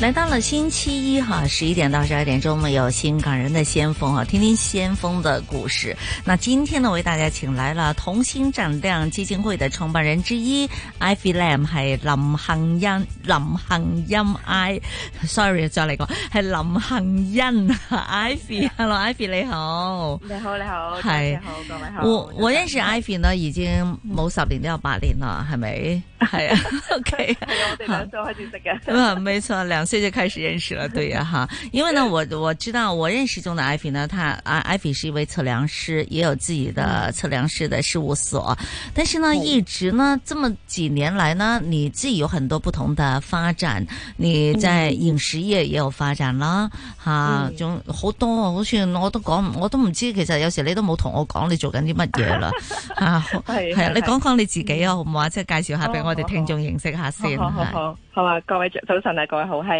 來到了星期一哈，十、啊、一點到十二點鐘，我有新港人的先鋒哈、啊，聽聽先鋒的故事。那、啊、今天呢，為大家請來了童心展亮基金會的創辦人之一，Ivy Lam b 係林杏茵，林杏茵 I，sorry 再嚟過係林杏茵，Ivy，Hello Ivy 你好，你好是你好，係，我我認識 Ivy 呢已經冇十年都有八年啦，係咪？係啊，OK，我哋兩歲開始食嘅，咁啊， 沒錯兩。最開始認識了，對呀，哈，因為呢，我我知道我認識中的 Ivy 呢，他 i Ivy 是一位測量師，也有自己的測量師的事務所，但是呢，一直呢，這麼幾年來呢，你自己有很多不同的發展，你在飲食業也有發展啦，吓，仲好多，好似我都講，我都唔知，其實有時你都冇同我講你做緊啲乜嘢啦，啊，係，係啊，你講講你自己啊，好唔好啊？即係介紹下俾我哋聽眾認識下先，好好好，啊，各位早晨啊，各位好，係。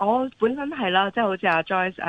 我本身係啦，即係好似阿 Joyce 誒、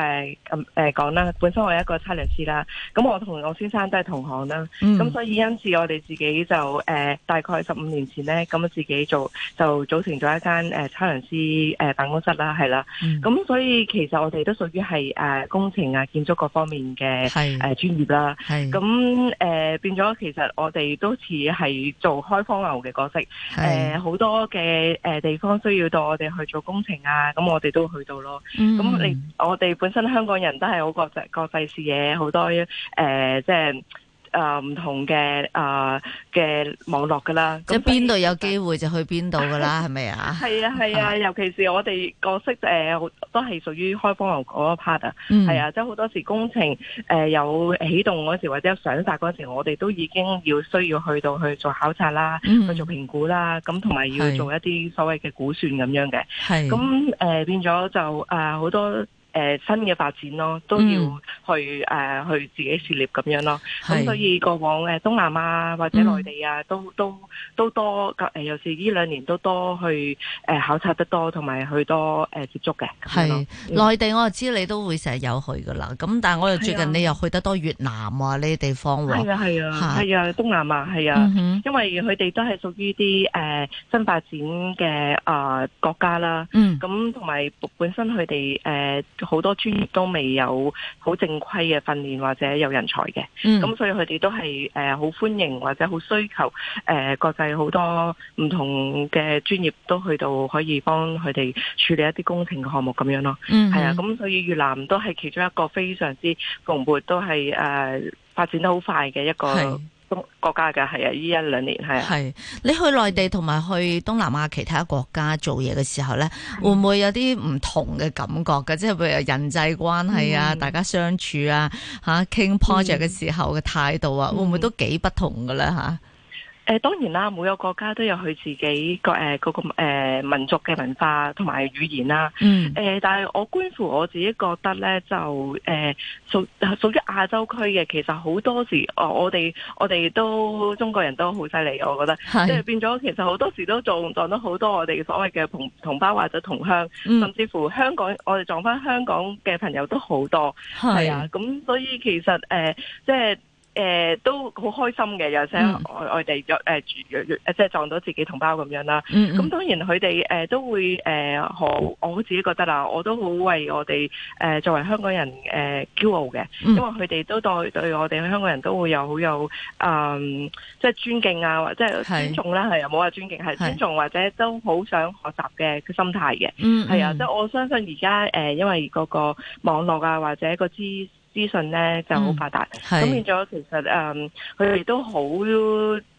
啊、誒、呃、講啦，本身我係一個測量師啦。咁我同我先生都係同行啦。咁、嗯、所以因此我哋自己就誒、呃、大概十五年前咧，咁自己做就組成咗一間誒測量師誒辦公室啦，係、啊、啦。咁、嗯、所以其實我哋都屬於係誒工程啊、建築各方面嘅係誒專業啦。係咁誒變咗，其實我哋都似係做開荒牛嘅角色。誒好是、呃、多嘅誒地方需要到我哋去做工程啊，咁我哋都。都去到咯，咁你我哋本身香港人都係好國際，國際視野好多，誒， 即係。誒，唔、呃、同嘅誒嘅網絡噶啦，即係邊度有機會就去邊度噶啦，係咪啊？係啊係啊，尤其是我哋角色誒，都係屬於開放流嗰 part 啊，係啊，即係好多時工程誒有起動嗰時或者有想法嗰時，我哋都已經要需要去到去做考察啦，去做評估啦，咁同埋要做一啲所謂嘅估算咁樣嘅，咁、呃、誒變咗就誒好、呃、多。呃誒新嘅發展咯，都要去誒去、呃、自己涉獵咁樣咯。咁是所以過往誒東南亞或者內地啊，都都都多誒、呃，尤其呢依兩年都多去誒考察得多，同埋去多誒接觸嘅。係內地，嗯、我就知你都會成日有去噶啦。咁但係我又最近你又去得多越南啊呢啲地方喎、啊。係啊係啊係啊，啊，啊東南亞係啊，嗯、哼因為佢哋都係屬於啲誒新發展嘅啊、呃、國家啦、嗯呃呃。嗯。咁同埋本身佢哋誒。好多專業都未有好正規嘅訓練或者有人才嘅，咁、嗯啊、所以佢哋都係誒好歡迎或者好需求誒、呃、國際好多唔同嘅專業都去到可以幫佢哋處理一啲工程嘅項目咁樣咯。係、嗯、啊，咁所以越南都係其中一個非常之蓬勃都係誒、呃、發展得好快嘅一個中國家嘅係啊，依一兩年係啊。係你去內地同埋去東南亞其他國家做嘢嘅時候咧，會唔會有啲唔同嘅感覺嘅？即係譬如人際關係啊，嗯、大家相處啊，嚇傾、嗯啊、project 嘅時候嘅態度啊，會唔會都幾不同嘅咧？嚇、啊？誒，當然啦，每個國家都有佢自己、呃、個誒個誒民族嘅文化同埋語言啦。嗯。誒、呃，但係我觀乎我自己覺得咧，就誒、呃、屬屬於亞洲區嘅，其實好多時、哦、我我哋我哋都中國人都好犀利，我覺得。係。即係變咗，其實好多時都撞撞到好多我哋所謂嘅同同胞或者同鄉，嗯、甚至乎香港，我哋撞返香港嘅朋友都好多。係啊。咁所以其實誒，即係。誒、呃，都好開心嘅，有啲我外地約誒即係撞到自己同胞咁樣啦。咁、嗯嗯嗯、當然佢哋誒都會誒，我、呃、我自己覺得啦、啊，我都好為我哋誒、呃、作為香港人誒驕、呃、傲嘅，因為佢哋都對對我哋香港人都會有好有誒，即係尊敬啊，或者尊重啦、啊，係又冇話尊敬，係是尊重或者都好想學習嘅心態嘅。係啊，即、嗯、係、嗯啊、我相信而家誒，因為嗰個網絡啊，或者個知。資訊咧就好發達，咁、嗯、變咗其實誒，佢、um, 哋都好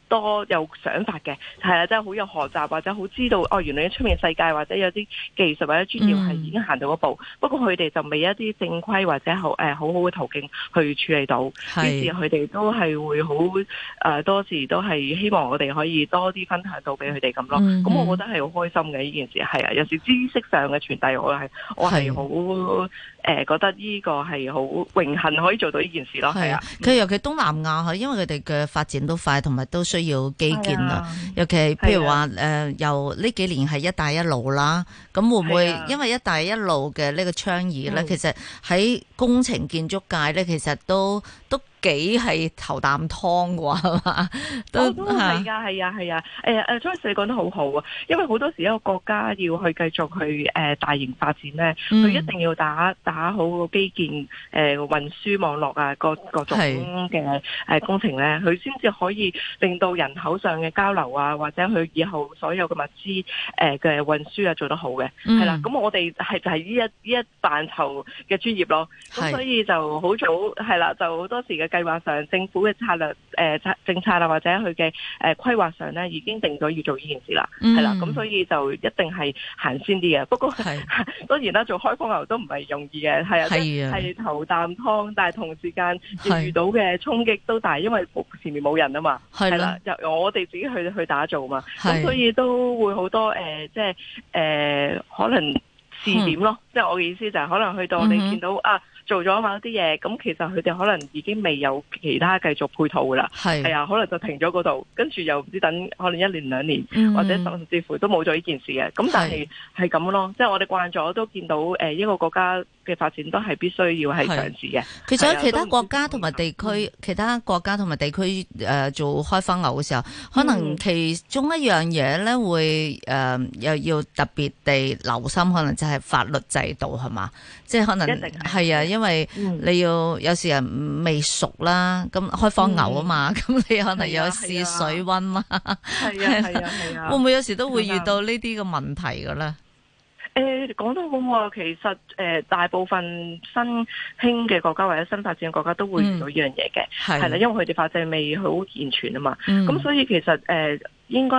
多有想法嘅，係啊，真係好有學習或者好知道哦，原來出面世界或者有啲技術或者專業係已經行到一步，嗯、不過佢哋就未一啲正規或者好誒、呃、好好嘅途徑去處理到，是於是佢哋都係會好誒、呃、多時都係希望我哋可以多啲分享到俾佢哋咁咯，咁、嗯嗯、我覺得係好開心嘅呢件事，係啊，有時知識上嘅傳遞我係我係好。是誒、呃，覺得呢個係好榮幸可以做到呢件事咯，係啊。佢、啊、尤其東南亞，佢因為佢哋嘅發展都快，同埋都需要基建啦。啊、尤其譬如話誒，由呢、啊呃、幾年係一帶一路啦，咁會唔會因為一帶一路嘅呢個倡議咧？啊、其實喺工程建築界咧，其實都都。幾係頭啖湯嘅話，係嘛？都嚇。都係㗎，係啊，係啊。誒誒 Charles，你講得好好啊。因為好多時一個國家要去繼續去誒、呃、大型發展咧，佢、嗯、一定要打打好個基建、誒、呃、運輸網絡啊，各各，各種嘅誒工程咧，佢先至可以令到人口上嘅交流啊，或者佢以後所有嘅物資誒嘅、呃、運輸啊做得好嘅。係啦、嗯，咁、啊、我哋係就係呢一呢一範疇嘅專業咯。咁所以就好早係啦、啊，就好多時嘅。計劃上政府嘅策略誒策、呃、政策啦，或者佢嘅誒規劃上咧，已經定咗要做呢件事、嗯、啦，係啦，咁所以就一定係行先啲嘅。不過的 當然啦，做開荒牛都唔係容易嘅，係啊，係頭啖湯，但係同時間遇到嘅衝擊都大，因為前面冇人啊嘛，係啦的，由我哋自己去去打造嘛，咁的所以都會好多誒、呃，即係誒、呃，可能試點咯，嗯、即係我嘅意思就係、是、可能去到你見到、嗯、啊。做咗某啲嘢，咁其實佢哋可能已經未有其他繼續配套噶啦，係啊的，可能就停咗嗰度，跟住又唔知等可能一年兩年，嗯、或者甚至乎都冇咗呢件事嘅，咁但係係咁咯，的即係我哋慣咗都見到誒一個國家嘅發展都係必須要係嘗試嘅。的的其實其他國家同埋地區、嗯、其他國家同埋地區誒、呃、做開荒牛嘅時候，可能其中一樣嘢咧會誒、呃、又要特別地留心，可能就係法律制度係嘛，即係可能係啊。一定因為你要有時人未熟啦，咁開荒牛啊嘛，咁你可能有試水温啦，係啊係啊係啊，會唔會有時都會遇到呢啲嘅問題嘅咧？誒，講得好，其實誒，大部分新興嘅國家或者新發展嘅國家都會遇到呢樣嘢嘅，係啦，因為佢哋法制未好健全啊嘛，咁所以其實誒，應該。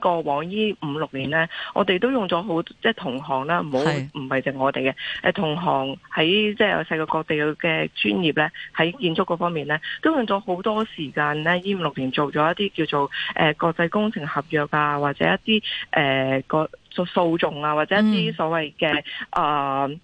過往呢五六年呢，我哋都用咗好多即係同行啦，唔好唔係淨我哋嘅，誒同行喺即係世界各地嘅專業呢，喺建築嗰方面呢，都用咗好多時間呢呢五六年做咗一啲叫做誒、呃、國際工程合約啊，或者一啲誒個訴訟啊，或者一啲所謂嘅誒。呃嗯嗯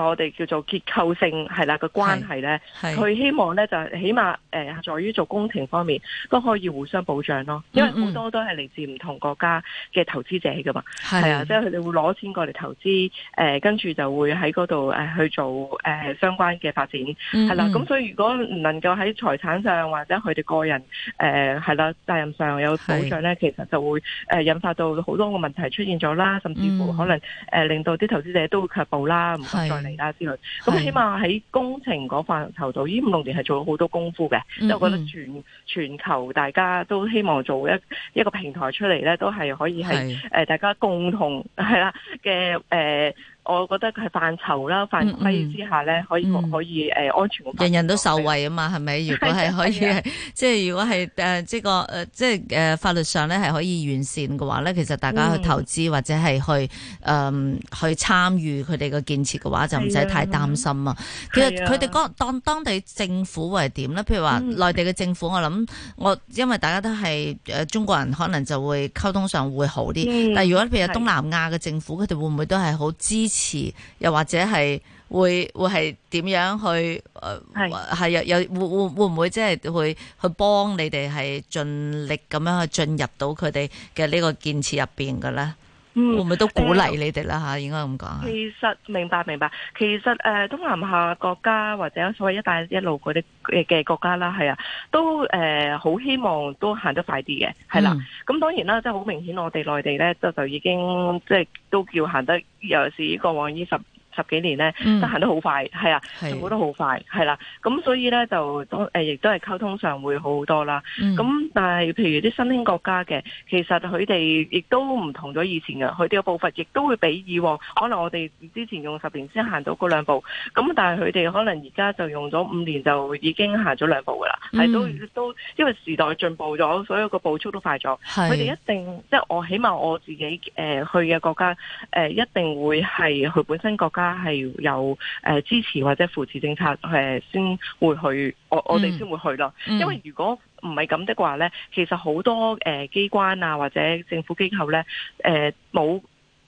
我哋叫做結構性係啦個關係咧，佢希望咧就起碼誒、呃，在於做工程方面都可以互相保障咯，因為好多都係嚟自唔同國家嘅投資者噶嘛，係啊是，即係佢哋會攞錢過嚟投資誒，跟、呃、住就會喺嗰度誒去做誒、呃、相關嘅發展係啦。咁、嗯嗯嗯、所以如果唔能夠喺財產上或者佢哋個人誒係啦責任上有保障咧，是其實就會誒、呃、引發到好多個問題出現咗啦，甚至乎可能誒、嗯呃、令到啲投資者都會卻步啦，唔是是嚟啦之類，咁起碼喺工程嗰範疇度，呢五六年係做咗好多功夫嘅，即係、嗯、我覺得全全球大家都希望做一一個平台出嚟咧，都係可以係誒是、呃、大家共同係啦嘅誒。嗯我覺得佢係範疇啦，範圍之下咧可以可以誒安全人人都受惠啊嘛，係咪？如果係可以，即係如果係誒，即係個誒，即係誒法律上咧係可以完善嘅話咧，其實大家去投資或者係去誒去參與佢哋嘅建設嘅話，就唔使太擔心啊。其實佢哋嗰當當地政府係點咧？譬如話內地嘅政府，我諗我因為大家都係誒中國人，可能就會溝通上會好啲。但如果譬如東南亞嘅政府，佢哋會唔會都係好支詞，又或者係會會係點樣去誒係係又又會會會唔會即係會去幫你哋係盡力咁樣去進入到佢哋嘅呢個建設入邊嘅咧？會唔會都鼓勵你哋啦吓？應該咁講。其實明白明白，其實誒、呃，東南亞國家或者所謂一帶一路啲嘅嘅國家啦，係啊，都誒好、呃、希望都行得快啲嘅，係啦。咁、嗯、當然啦，即係好明顯，我哋內地咧就就已經即係都叫行得，尤其是過往呢十。十幾年咧，都行、嗯、得好快，係啊，的全部都好快，係啦，咁所以咧就當亦都係溝通上會好好多啦。咁、嗯、但係譬如啲新興國家嘅，其實佢哋亦都唔同咗以前嘅，佢哋嘅步伐亦都會比以往，可能我哋之前用十年先行到嗰兩步，咁但係佢哋可能而家就用咗五年就已經行咗兩步㗎啦。係、嗯、都都因為時代進步咗，所以個步速都快咗。佢哋的一定即係我起碼我自己誒、呃、去嘅國家誒、呃，一定會係佢本身國家。係有誒、呃、支持或者扶持政策誒、呃，先會去我我哋先會去咯。嗯嗯、因為如果唔係咁的話咧，其實好多誒機、呃、關啊或者政府機構咧誒，冇、呃、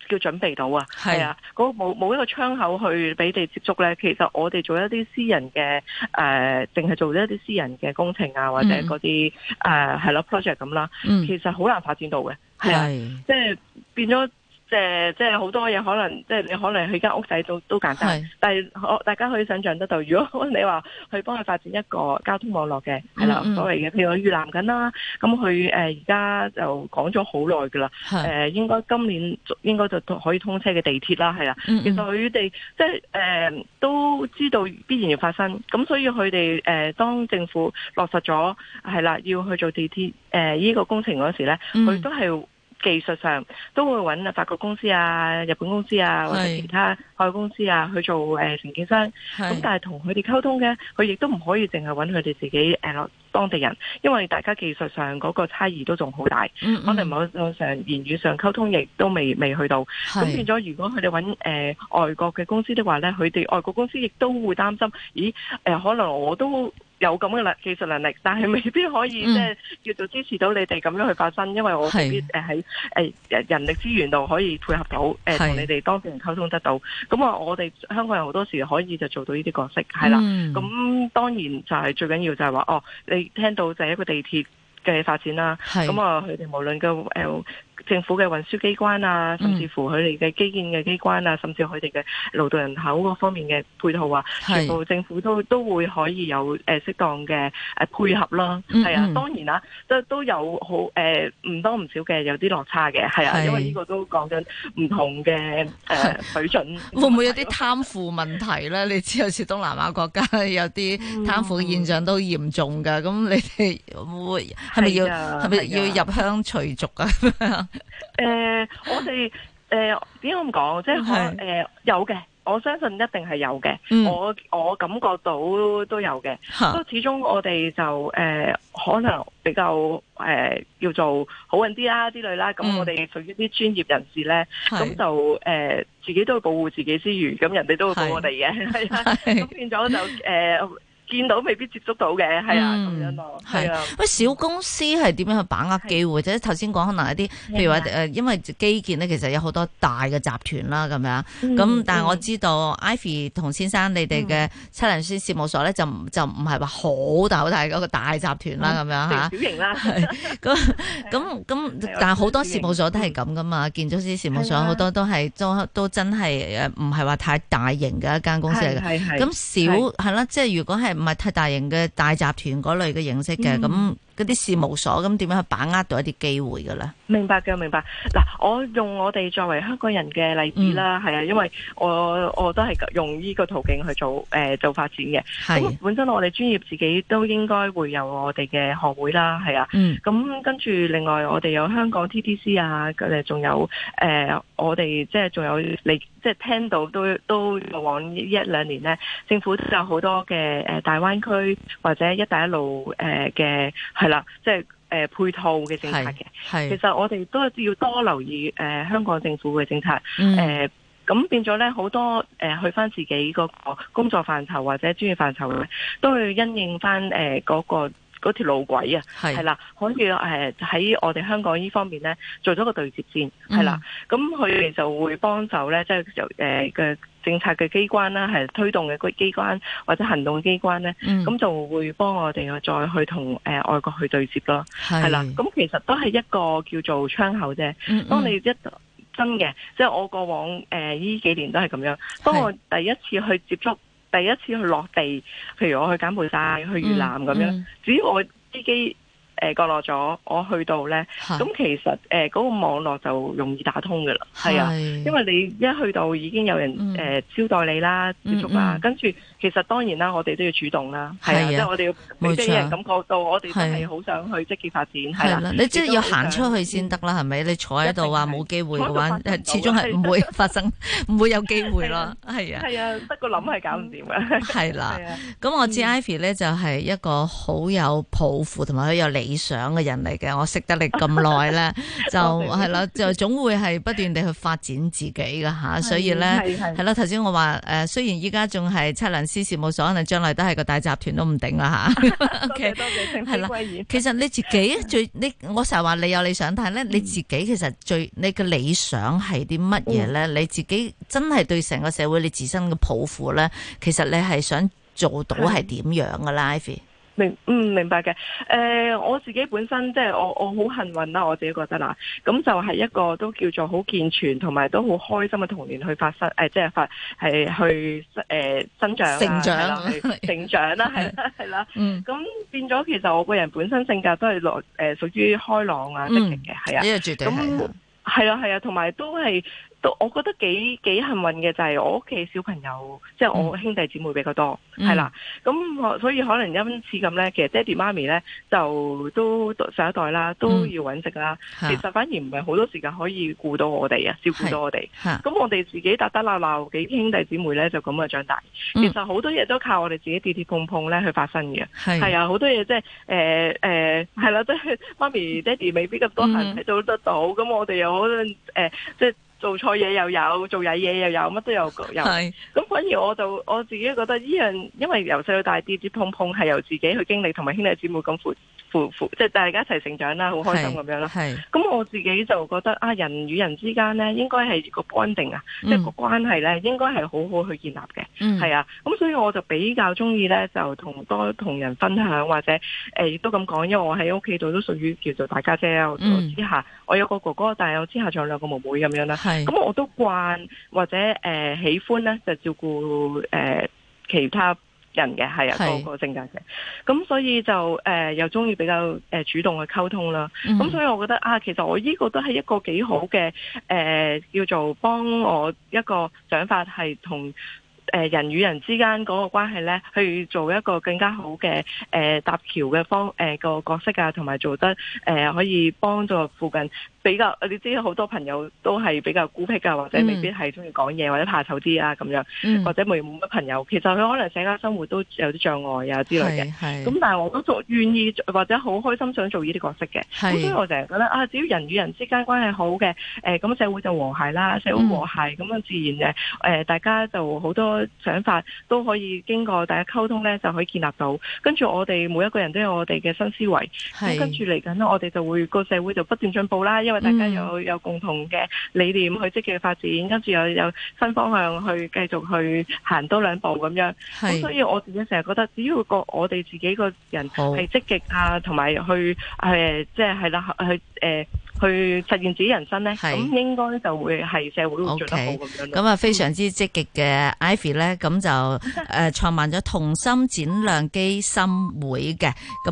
叫準備到啊，係啊，冇冇一個窗口去俾你接觸咧。其實我哋做一啲私人嘅誒，淨、呃、係做一啲私人嘅工程啊，或者嗰啲誒係咯 project 咁啦，其實好難發展到嘅，係啊，啊，即係變咗。嗯誒、呃，即係好多嘢可能，即係你可能去間屋仔都都簡單，是但係大家可以想象得到。如果你話去幫佢發展一個交通網絡嘅，係啦、嗯嗯，所謂嘅，譬如話越南咁啦，咁佢誒而家就講咗好耐噶啦，誒是、呃，應該今年應該就可以通車嘅地鐵啦，係啦。嗯嗯，其實佢哋即係誒、呃、都知道必然要發生，咁所以佢哋誒當政府落實咗係啦，要去做地鐵誒呢個工程嗰時咧，佢都係。嗯技術上都會揾啊法國公司啊、日本公司啊或者其他海外公司啊去做誒承建商，咁是但係同佢哋溝通嘅，佢亦都唔可以淨係揾佢哋自己誒落、呃、當地人，因為大家技術上嗰、那個差異都仲好大，嗯嗯、可能某程度上言語上溝通亦都未未去到，咁變咗如果佢哋揾外國嘅公司嘅話咧，佢哋外國公司亦都會擔心，咦誒、呃、可能我都。有咁嘅技術能力，但係未必可以即係、嗯呃、叫做支持到你哋咁樣去發生，因為我未必喺誒是、呃、人力資源度可以配合到，同、呃、是你哋當地人溝通得到。咁啊，我哋香港人好多時可以就做到呢啲角色，係啦。咁、嗯、當然就係最緊要就係話哦，你聽到就係一個地鐵嘅發展啦。咁啊是，佢哋無論嘅政府嘅運輸機關啊，甚至乎佢哋嘅基建嘅機關啊，甚至佢哋嘅勞動人口嗰方面嘅配套啊，是全部政府都都會可以有誒適當嘅誒配合囉。係、嗯嗯、啊，當然啦，都都有好誒唔、呃、多唔少嘅有啲落差嘅。係啊，是因為呢個都講緊唔同嘅誒、呃、水準。會唔會有啲貪腐問題咧？ 你知好似東南亞國家有啲貪腐現象都嚴重㗎，咁、嗯、你哋會係咪要係咪要入鄉隨俗啊？ 誒、 呃，我哋誒點講，即係誒是、呃、有嘅，我相信一定係有嘅。嗯、我我感覺到都有嘅，不過哈始終我哋就誒、呃、可能比較誒、呃、叫做好運啲啦，之類啦。咁我哋屬於啲專業人士咧，咁是就誒、呃、自己都保護自己之餘，咁人哋都會保護我哋嘅，係啦。咁變咗就誒。呃見到未必接觸到嘅，係啊咁樣咯，係啊。喂，小公司係點樣去把握機會？或者頭先講可能一啲，譬如話誒，因為基建咧，其實有好多大嘅集團啦，咁樣。咁但係我知道，Ivy 同先生你哋嘅七零師事務所咧，就就唔係話好大好大嗰個大集團啦，咁樣嚇。小型啦，咁咁咁，但係好多事務所都係咁噶嘛，建築師事務所好多都係都都真係誒，唔係話太大型嘅一間公司嚟嘅。咁小係啦，即係如果係。唔係太大型嘅大集團嗰類嘅形式嘅，咁、嗯。嗰啲事務所咁，點樣去把握到一啲機會㗎喇？明白嘅，明白。嗱，我用我哋作為香港人嘅例子啦，係、嗯、啊，因為我我都係用呢個途徑去做誒、呃、做發展嘅。咁係本身我哋專業自己都應該會有我哋嘅學會啦，係啊。咁、嗯、跟住另外我哋有香港 TTC 啊，咁誒仲有誒、呃、我哋即係仲有你即係聽到都都往呢一兩年咧，政府都有好多嘅誒大灣區或者一帶一路誒嘅。呃係啦，即係誒、呃、配套嘅政策嘅，其實我哋都係要多留意誒、呃、香港政府嘅政策，誒咁、嗯呃、變咗咧好多誒、呃、去翻自己嗰個工作範疇或者專業範疇咧，都去因應翻誒嗰個嗰條路軌啊，係啦的，可以誒喺、呃、我哋香港呢方面咧做咗個對接線，係啦，咁佢哋就會幫手咧，即係由誒嘅。呃呃政策嘅機關啦，係推動嘅機機關或者行動機關呢，咁、嗯、就會幫我哋再去同誒外國去對接咯，係是啦。咁其實都係一個叫做窗口啫。嗯嗯，當你一真嘅，即係我過往誒呢、呃、幾年都係咁樣。當我第一次去接觸，第一次去落地，譬如我去柬埔寨、去越南咁樣，只要、嗯嗯、我飛機。誒角落咗，我去到咧，咁其實誒嗰個網絡就容易打通嘅啦，係啊，因為你一去到已經有人誒招待你啦、接觸啦，跟住其實當然啦，我哋都要主動啦，係啊，即係我哋要，畀啲人感覺到我哋係好想去積極發展，係啦，你即係要行出去先得啦，係咪？你坐喺度話冇機會嘅話，始終係唔會發生，唔會有機會咯，係啊，係啊，得個諗係搞唔掂嘅，係啦，咁我知 Ivy 咧就係一個好有抱負同埋好有理理想嘅人嚟嘅，我識得你咁耐咧，就係啦，就總會係不斷地去發展自己嘅吓，所以咧係啦。頭先我話誒，雖然依家仲係測量師事務所，可能將來都係個大集團都唔定啦吓。多謝多謝， 其實你自己最你，我成日話你有理想，但係咧你自己其實最你嘅理想係啲乜嘢咧？ 你自己真係對成個社會你自身嘅抱負咧，其實你係想做到係點樣嘅 life？ 明嗯明白嘅，誒我自己本身即係我我好幸運啦，我自己覺得啦，咁就係一個都叫做好健全同埋都好開心嘅童年去發生誒，即係發係去誒生長啦，係啦，成長啦，係啦係啦，咁變咗其實我個人本身性格都係落誒屬於開朗啊積極嘅，係啊，呢個絕對係，係啦係啊，同埋都係。我覺得幾幾幸運嘅就係我屋企小朋友，嗯、即係我兄弟姊妹比較多，係、嗯、啦。咁所以可能因此咁咧，其實爹哋媽咪咧就都上一代啦，都要搵食啦。嗯、其實反而唔係好多時間可以顧到我哋啊，照顧到我哋。咁、嗯、我哋自己打打鬧鬧幾兄弟姊妹咧，就咁啊長大。其實好多嘢都靠我哋自己跌跌碰碰咧去發生嘅。係啊是，好多嘢即係誒誒，係、呃、啦，即、呃、係 媽咪爹哋未必咁多閒睇到得到。咁、嗯嗯、我哋又可能誒即係。做錯嘢又有，做曳嘢又有，乜都有有。咁是反而我就我自己覺得依樣，因為由細到大跌跌碰碰係由自己去經歷，同埋兄弟姊妹咁即係大家一齊成長啦，好開心咁樣咯。咁我自己就覺得啊，人與人之間咧，應該係個 bonding 啊，即係個關係咧，應該係好好去建立嘅。係啊，咁所以我就比較中意呢，就同多同人分享，或者誒亦、呃、都咁講，因為我喺屋企度都屬於叫做大家姐。之下我有個哥哥，但係我之下仲有兩個妹妹咁樣啦。咁我都慣或者誒、呃、喜歡咧，就照顧誒、呃、其他人嘅，係啊，嗰、啊、個性格嘅。咁所以就誒、呃、又中意比較誒主動去溝通啦。咁、嗯、所以我覺得啊，其實我依個都係一個幾好嘅誒、呃，叫做幫我一個想法係同。誒人與人之間嗰個關係咧，去做一個更加好嘅誒、呃、搭橋嘅方誒、呃、個角色啊，同埋做得誒、呃、可以幫助附近比較，你知好多朋友都係比較孤僻啊，或者未必係中意講嘢或者怕醜啲啊咁樣，或者冇乜、啊嗯、朋友，其實佢可能社交生活都有啲障礙啊之類嘅。咁，但係我都做願意或者好開心想做呢啲角色嘅。係，所以我成日覺得啊，只要人與人之間關係好嘅，誒、呃、咁社會就和諧啦，社會和諧咁啊，嗯、樣自然誒誒、呃、大家就好多想法都可以經過大家溝通呢，就可以建立到。跟住我哋每一個人都有我哋嘅新思維，是跟住嚟緊呢，我哋就會個社會就不斷進步啦。因為大家有、嗯、有共同嘅理念去積極發展，跟住又有，有新方向去繼續去行多兩步咁樣。咁是所以我自己成日覺得，只要個我哋自己個人係積極啊，同埋好去誒、呃，即係係啦，去誒。呃去實現自己人生咧，係咁是應該就會係社會，會得 OK 得咁啊，非常之積極嘅 Ivy 咧，咁就誒創辦咗童心展亮基金會嘅咁。